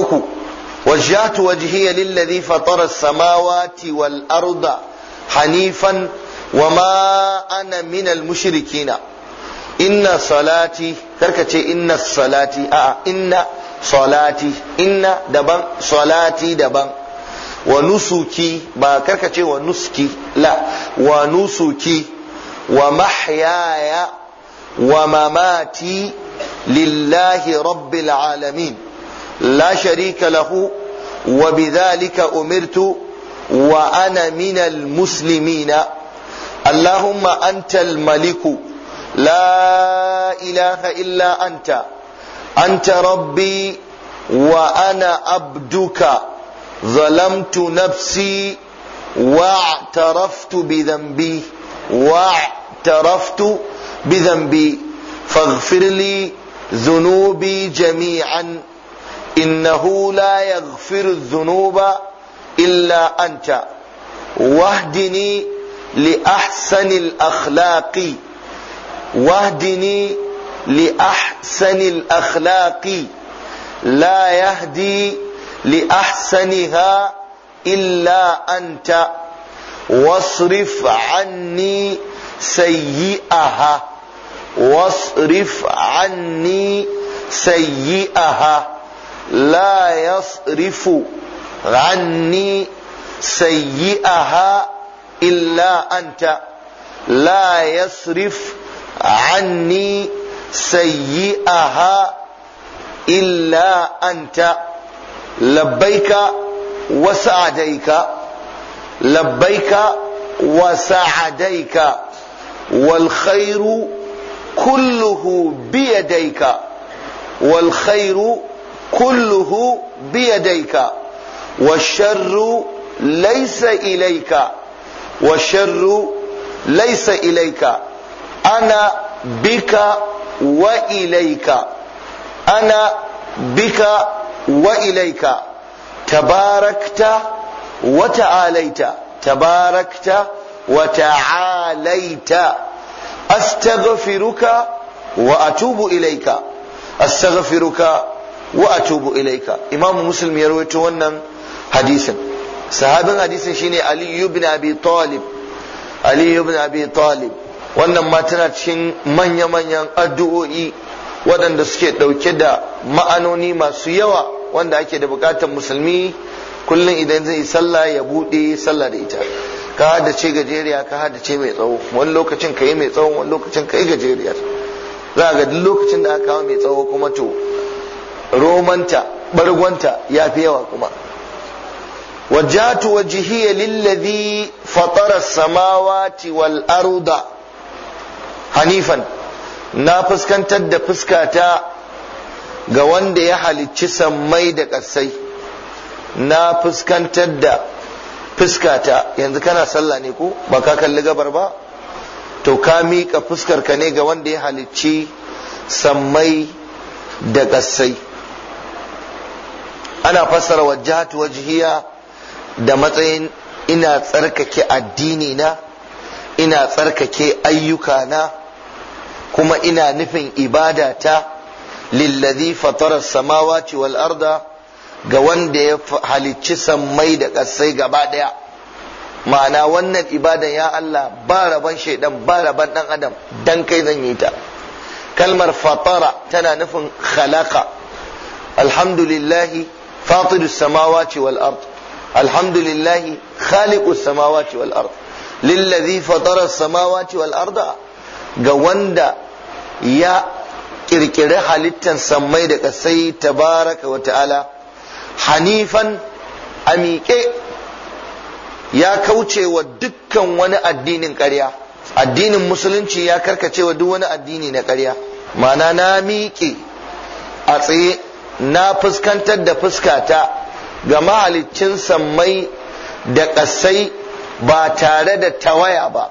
uku wajhatu wajhiya lillazi fatara samawati wal arda hanifan wa ma ana minal mushrikina inna salati karka ce inna salati a inna salati inna daban salati daban wa nusuki ba karka ce wa nuski la wa nusuki wa mahyaya wa mamati lillahi rabbil alamin لا شريك له وبذلك أمرت وأنا من المسلمين اللهم أنت الملك لا إله إلا أنت أنت ربي وأنا عبدك ظلمت نفسي واعترفت بذنبي واعترفت بذنبي فاغفر لي ذنوبي جميعا innahu la yaghfiru dhunuba illa anta wahdini li ahsanil akhlaqi wahdini li ahsanil akhlaqi li ahsaniha illa anta واصرف عني سيئها واصرف عني سيئها la yasrifu anni sayyi'aha illa anta la yasrif anni sayyi'aha illa anta labbaika wa sa'adaika labbaika wa sa'adaika wal khairu kulluhu biyadaika wal khairu kulluhu biyadaika wa sharru laysa ilayka wa sharru laysa ilayka ana bika wa ilayka ana bika wa ilayka tabarakta wata ta'alaita tabarakta wa ta'alaita astaghfiruka wa atubu ilayka astaghfiruka wa atubu ilaika imam muslim ya rawaito wannan hadisin sahabin hadisin shine ali ibn abi talib ali ibn abi talib wannan ma tana cikin manya-manyan addu'o'i waɗanda suke ɗauke da ma'anoni masu yawa wanda ake da bukatar musulmi kullum idan zai sallah ya buɗe sallah da ita ka hada ce gajeriya ka hada ce mai tsawo wani lokacin ka yi mai tsawo wani lokacin ka yi gajeriya za ga duk lokacin da aka kawo mai tsawo kuma to romanta bargonta ya fi yawa kuma wajjatu wajihiyya lillazi fatara samawati wal arda hanifan na fuskantar da fuskata ga wanda ya halicci sammai da ƙasai na fuskantar da fuskata yanzu kana sallah ne ko ba ka kalli gabar ba to ka miƙa fuskarka ne ga wanda ya halicci sammai da ƙasai ana fassara wajahatu wajhiya da matsayin ina tsarkake addini na ina tsarkake ayyuka na kuma ina nufin ibada ta lillazi fatara samawati wal arda ga wanda ya halicci sammai da ƙasai gaba ɗaya. ma'ana wannan ibadan ya Allah ba raban shaidan ba raban dan adam dan kai zan yi ta kalmar fatara tana nufin alhamdu alhamdulillahi فاطر السماوات والأرض الحمد lillahi خالق السماوات والأرض للذي فطر السماوات والأرض قواندا يا kirkiri halittan sammai da kasai tabaraka wa ta'ala hanifan a miƙe ya kaucewa dukkan wani addinin ƙarya addinin musulunci ya karkacewa duk wani addini na ƙarya mana na miƙe a tsaye na fuskantar da fuskata ga mahaliccin sammai da ƙasai ba tare da tawaya ba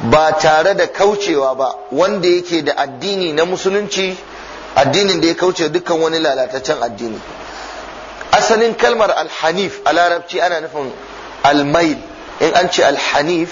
ba tare da kaucewa ba wanda yake da addini na musulunci addinin da ya kauce dukkan wani lalataccen addini asalin kalmar alhanif a larabci ana nufin almail in an ce alhanif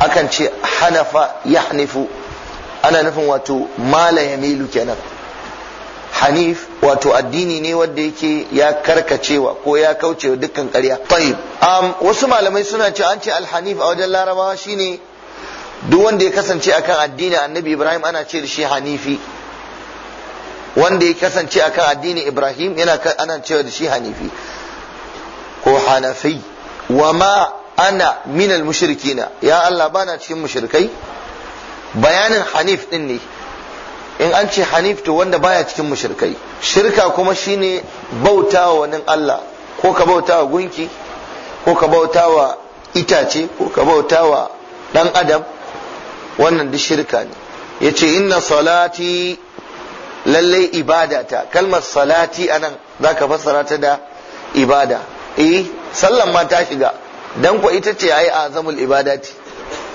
akan ce hanafa ya hanifu ana nufin wato mala ya milu kenan hanif wato addini ne wanda yake ya karkacewa ko ya kaucewa dukkan ƙarya um, wasu malamai suna ce an ce alhanif a wajen larabawa shine duk wanda ya kasance akan addini annabi ibrahim ana ce da shi hanifi wanda ya kasance akan addini ibrahim yana ana cewa da shi hanifi ko hanafi wa ma ana minal mushrikina ya allah bana cikin mushrikai bayanin hanif din ne in an ce hanif to wanda baya cikin mushrikai shirka kuma shine bautawa wani Allah ko ka bautawa gunki ko ka bautawa itace ko ka bautawa dan adam wannan duk shirka ne yace inna salati lallai ibadata kalmar salati anan zaka fassara ta da ibada eh sallan ma ta shiga dan ko ita ce ai azamul ibadati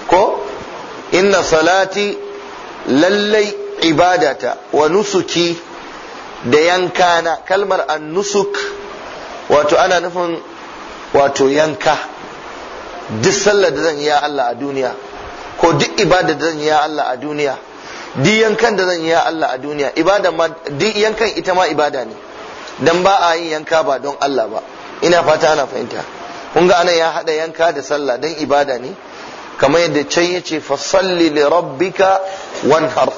ko inna salati lallai ibadata wa nusuki da yankana kalmar an nusuk wato ana nufin wato yanka duk sallar da zan yi ya Allah a duniya ko duk ibada da zan yi ya Allah a duniya duk yankan da zan yi ya Allah a duniya ibada ma duk yankan ita ma ibada ne dan ba a yin yanka ba don Allah ba ina fata ana fahimta kun ga anan ya hada yanka da sallah dan ibada ne kamar yadda can yace fasalli li rabbika wanhar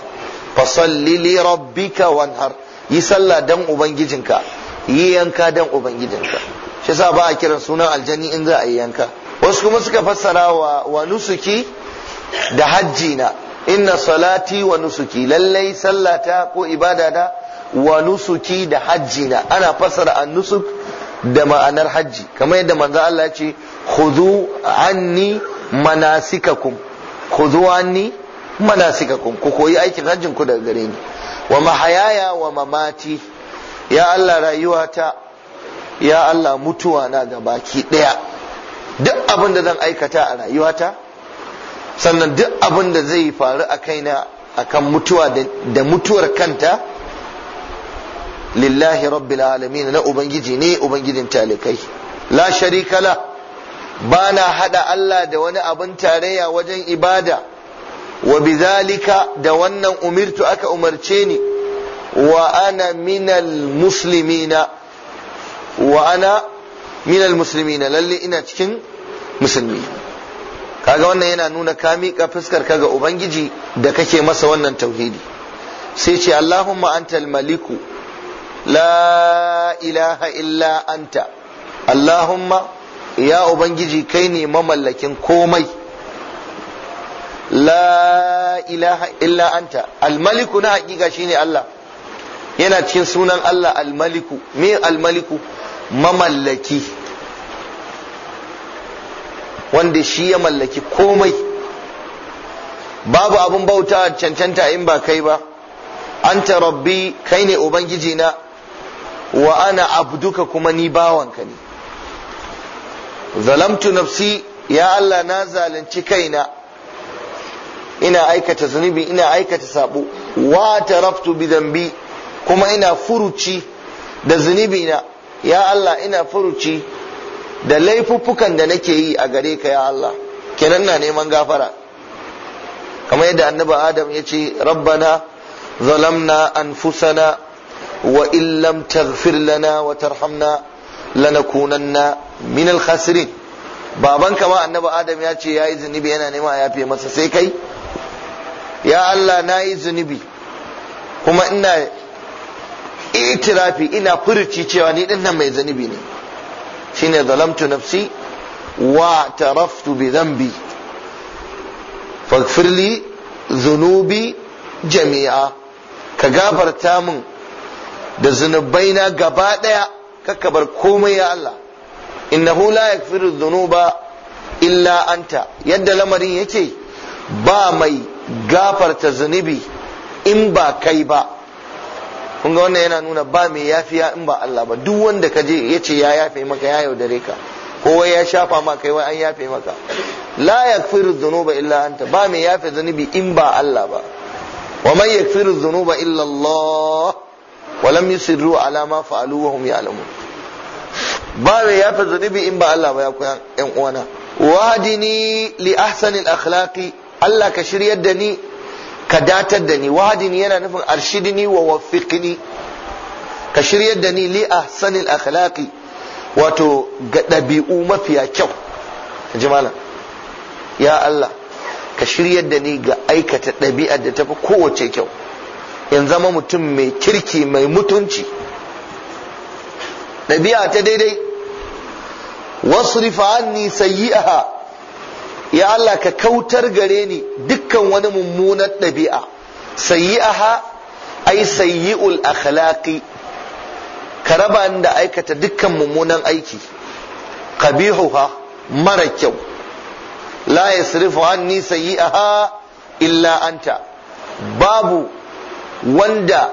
fasalli li rabbika wanhar yi sallah dan ubangijinka yi yanka dan ubangijinka shi yasa ba a kiran sunan aljani in za a yi yanka wasu kuma suka fassara wa wa nusuki da hajji na inna salati wa nusuki lallai sallata ko ibada da wa nusuki da hajji na ana fassara an nusuk da ma'anar hajji kamar yadda manzo Allah ya ce khudhu anni manasikakum khudhu anni manasikakum ku koyi aikin hajjin ku daga gare ni wa mahayaya wa mamati ya Allah rayuwata ya Allah mutuwa na ga baki daya duk abin da zan aikata a rayuwata sannan duk abin da zai faru a kaina akan mutuwa da mutuwar kanta lillahi rabbil alamin na ubangiji ne ubangijin talikai la sharika la bana hada Allah da wani abin tarayya wajen ibada wa bidhalika da wannan umirtu aka umarce ni wa ana minal muslimina wa ana minal muslimina lalle ina cikin musulmi kaga wannan yana nuna ka mika fuskar ka ga ubangiji da kake masa wannan tauhidi sai ce allahumma antal maliku la ilaha illa anta allahumma ya ubangiji kai ne mamallakin komai la ilaha illa anta almaliku na hakika shine Allah yana cikin sunan Allah almaliku me almaliku mamallaki wanda shi ya mallaki komai babu abin bauta cancanta in ba kai ba anta rabbi kai ne ubangiji na wa ana abduka kuma ni bawanka ne zalamtu nafsi ya Allah na zalunci kaina ina aikata zunubi ina aikata sabo wa taraftu bi dhanbi kuma ina furuci da zunubi na ya Allah ina furuci da laifuffukan da nake yi a gare ka ya Allah kenan na neman gafara kamar yadda annabi Adam ya ce rabbana zalamna anfusana wa illam taghfir lana wa tarhamna lanakunanna min al-khasirin baban kama annabi Adam ya ce yayi zunubi yana nema a yafe masa sai kai ya Allah na yi zunubi kuma ina itirafi ina furuci cewa ni din nan mai zunubi ne shine zalamtu nafsi wa taraftu bi dhanbi zunubi jami'a ka gafarta min da zunubai na gaba daya kakka bar komai ya Allah innahu la yaghfiru dhunuba illa anta yadda lamarin yake ba mai gafarta zunubi in ba kai ba Kunga wannan yana nuna ba mai yafiya in ba Allah ba duk wanda ka je ya ce ya yafe maka ya yaudare ka ko wai ya shafa ma kai wai an yafe maka la yakfiru dhunuba illa anta ba mai yafe zunubi in ba Allah ba wa man yakfiru dhunuba illa Allah wa lam yusirru ala ma fa'alu wa hum ya'lamun ba mai yafe zunubi in ba Allah ba ya koyan yan uwana wahdini li ahsani al-akhlaqi Allah ka shiryar da ni ka datar da ni wahadin yana nufin arshidini wa wafiqni ka shiryar da ni li ahsanil akhlaqi wato ga ɗabi'u mafiya kyau jimala ya Allah ka shiryar da ni ga aikata ɗabi'a da tafi kowace kyau in zama mutum mai kirki mai mutunci ɗabi'a ta daidai wasrifa anni sayyi'aha ya Allah ka kautar gare ni dukkan wani mummunar ɗabi'a sayyi'aha ai sayyi'ul akhlaqi ka raba ni da aikata dukkan mummunan aiki qabihuha mara kyau la yasrifu anni sayyi'aha illa anta babu wanda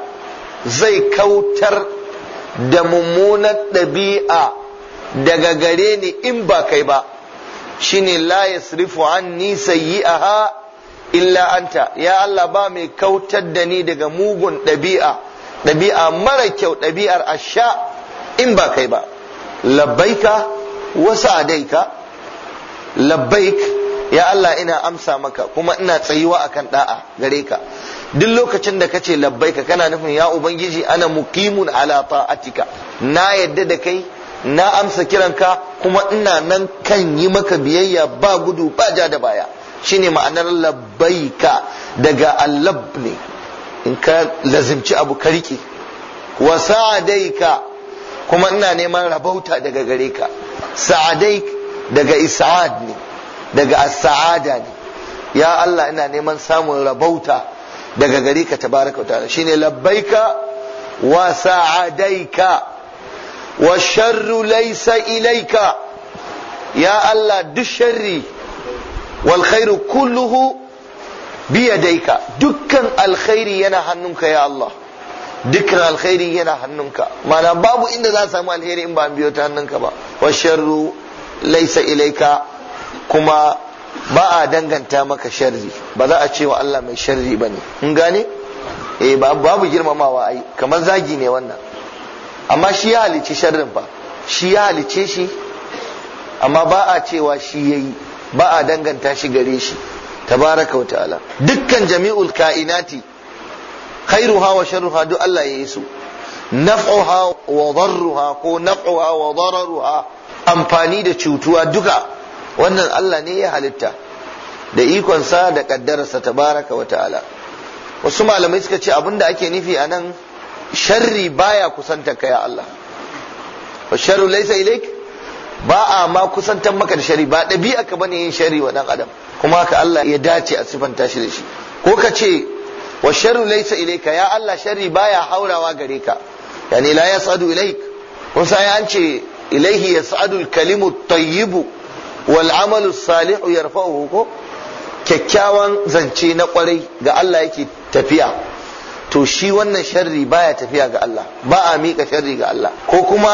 zai kautar da mummunar ɗabi'a daga gare ni in ba kai ba shine la yasrifu anni sayyi'aha illa anta ya Allah ba mai kautar da ni daga mugun ɗabi'a ɗabi'a mara kyau ɗabi'ar asha in ba kai ba labbaika wasu adaika labbaik ya Allah ina amsa maka kuma ina tsayuwa akan da'a gare ka duk lokacin da kace labbaika kana nufin ya ubangiji ana muqimun ala ta'atika na yadda da kai na amsa kiranka kuma ina nan kan yi maka biyayya ba gudu ba ja da baya shine ma'anar labbaika daga allab ne in ka lazimci abu ka rike wa sa'adaika kuma ina neman rabauta daga gare ka sa'adaik daga isa'ad ne daga as ne ya Allah ina neman samun rabauta daga gare ka tabaraka wa ta'ala shine labbaika wa sa'adaika wa sharru laysa ilayka ya Allah duk sharri wal khairu kulluhu biyadaika dukkan alkhairi yana hannunka ya Allah dukkan alkhairi yana hannunka mana babu inda za samu alheri in ba biyo ta hannunka ba wa sharru laysa kuma ba a danganta maka sharri ba za a ce wa Allah mai sharri bane in gane eh babu girmamawa ai kamar zagi ne wannan amma shi ya halice sharrin ba shi ya halice shi amma ba a cewa shi yayi ba a danganta shi gare shi tabaraka wa ta'ala dukkan jami'ul kainati khairuha wa sharruha duk Allah ya yi su naf'uha wa darruha ko naf'uha wa dararuha amfani da cutuwa duka wannan Allah ne ya halitta da ikon sa da kaddarsa tabaraka wa ta'ala wasu malamai suka ce abinda ake nufi a nan sharri baya kusantar ka ya Allah wa sharru laysa ilaik ba a ma kusantar maka da sharri ba ɗabi'a ka bane yin sharri wa dan adam kuma ka Allah ya dace a sifanta shi da shi ko ka ce wa sharru laysa ilaika ya Allah sharri baya haurawa gare ka yani la yasadu ilaik kun sai an ce ilaihi yasadu al-kalimu tayyibu wal amalu salihu yarfa'uhu ko kyakkyawan zance na kwarai ga Allah yake tafiya to shi wannan sharri baya tafiya ga Allah ba a mika sharri ga Allah ko kuma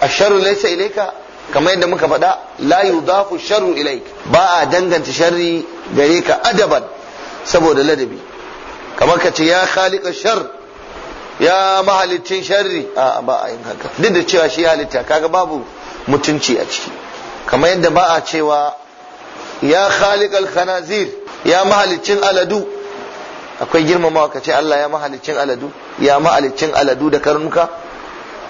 a sharru laisa ilaika kamar yadda muka faɗa la yudafu sharru ilayk ba a danganta sharri gare ka adaban saboda ladabi kamar ka ce ya khaliqa shar ya mahalicin sharri a ba a yin haka duk da cewa shi halitta kaga babu mutunci a ciki kamar yadda ba a cewa ya khaliqal khanazir ya mahalicin aladu akwai girmamawa ka ce Allah ya mahalicin aladu ya mahalicin aladu da karnuka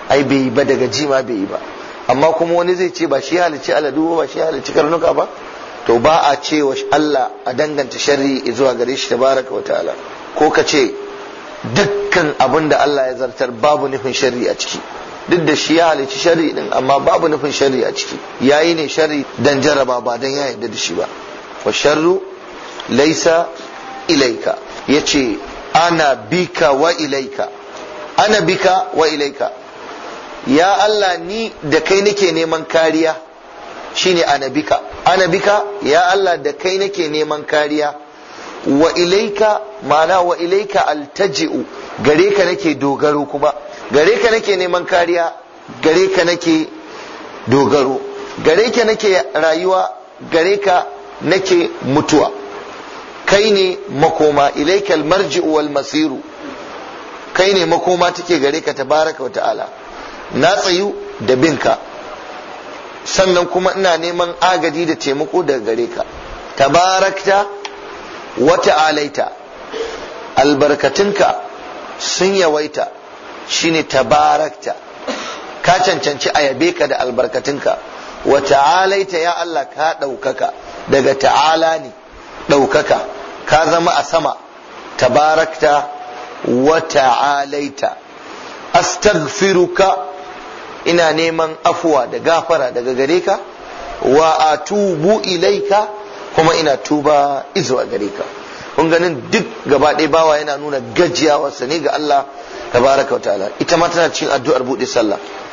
ai bai yi ba daga jima bai yi ba amma kuma wani zai ce ba shi halicci aladu ba shi halicci karnuka ba to ba a ce wa Allah a danganta sharri zuwa gare shi tabaraka wa ta'ala ko ka ce dukkan abin da Allah ya zartar babu nufin sharri a ciki duk da shi ya halicci sharri din amma babu nufin sharri a ciki yayi ne sharri dan jaraba ba dan ya yarda da shi ba wa sharru laisa ilaika ya ce ana bika wa ilaika ana bika wa ilaika ya Allah ni da kai nake neman kariya shine ana bika ana bika ya Allah da kai nake neman kariya wa ilaika ma'ana wa ilaika altaji'u gare ka nake dogaro kuma gare ka nake neman kariya gare ka nake dogaro gare ka nake rayuwa gare ka nake mutuwa kai ne makoma ilaikal marji'u wal masiru kai ne makoma take gare ka tabaraka wa ta'ala na tsayu da binka sannan kuma ina neman agadi da taimako daga gare ka tabarakta wa ta'alaita albarkatunka sun yawaita shine tabarakta ka cancanci a yabe ka da albarkatunka wa ta'alaita ya Allah ka ɗaukaka daga ta'ala ne ɗaukaka ka zama a sama tabarakta wa ta'alaita astaghfiruka ina neman afuwa da gafara daga gare ka wa atubu ilaika kuma ina tuba izuwa gare ka kun ganin duk gaba ɗaya bawa yana nuna gajiyawarsa ne ga Allah tabaraka wa ta'ala ita ma tana cikin addu'ar buɗe sallah